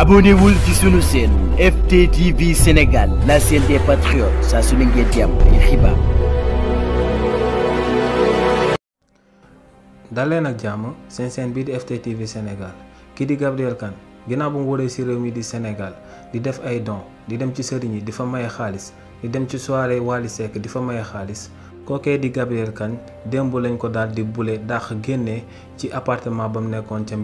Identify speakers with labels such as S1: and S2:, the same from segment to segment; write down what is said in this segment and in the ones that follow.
S1: abonnez-vous sur sunu chaîne FTTV Sénégal la chaîne des patriotes Ça, c'est ne ngeen di am ay xibaar. c'est ak jàmm seen seen Sénégal kii di Gabriel Kane ginnaaw bu ci di Sénégal di def ay don, di dem ci sëriñ di fa maye xaalis di dem ci soirée Wally di fa maye xaalis. kookee di Gabriel Kane démb lañ ko dal di bule dakh génnee ci appartement bam ci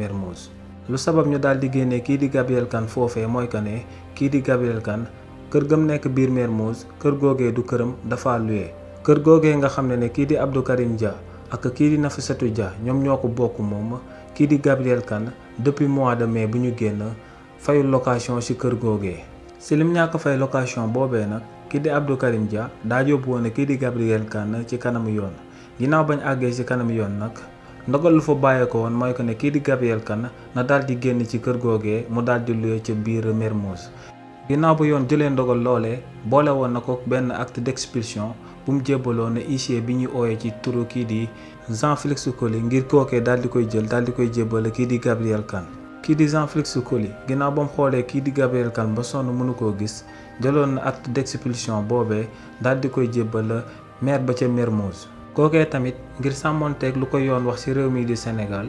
S1: lu sabab ñu daal di génne kii di Gabriel Kane foofee mooy que ne kii di Gabriel Kane kër gam nekk biir Mermoz kër googee du këram dafa luye kër googee nga xam ne ne kii di Abdou Karim Dia ak kii di Nafisatou Dia ñoom ñoo ko bokk moom kii di Gabriel Kane depuis mois de mai bu ñu génn fayul location ci kër googee si lim ko fay location boobee nag kii di Abdou Karim Dia daa yóbbu woon kii di Gabriel Kane ci kanamu yoon ginnaaw bañ àggee ci kanamu yoon nag ndogal lu fa bàyyeekoo mooy ko ne kii di Gabriel Kane na daal di génn ci kër googee mu daal di luye ca biir Mermoz ginnaaw bu yoon jëlee ndogal loolee boole woon na ko benn acte d'expulsion bu mu jébbaloo na huissier bi ñuy ooyee ci turu kii di Jean-Félix Coly ngir kookee daal di koy jël daal di koy jébbale kii di Gabriel Kane kii di Jean-Félix Coly ginnaaw ba mu xoolee kii di Gabriel kan ba sonn mënu koo gis jëloon na acte d'expulsion boobee daal di koy jébbal maire ba ca Mermoz kookee tamit ngir sàmmonteeg lu ko yoon wax ci réew mi di Sénégal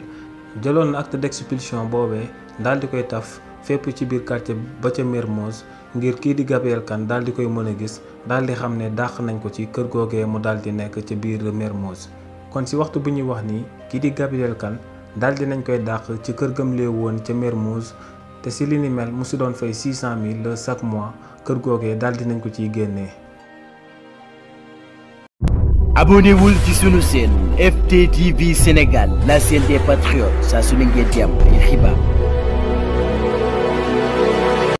S1: jëloon na acte expulsion boobee daal di koy taf fépp ci biir quartier ba ca Mermoz ngir kii di Gabriel Kane daal di koy mën a gis daal di xam ne dàq nañ ko ci kër googee mu daal di nekk ci biir Mermoz kon ci waxtu bu ñuy wax nii kii di Gabriel Kane daal di nañ koy dàq ci kër gëm lee woon ca Mermoz te ci li ni mel mu si doon fay 600000 le chaque mois kër googee daal di nañ ko ciy génnee abonnez-vous sur notre chaîne FTTV Sénégal la chaîne des patriotes Ça, se ne et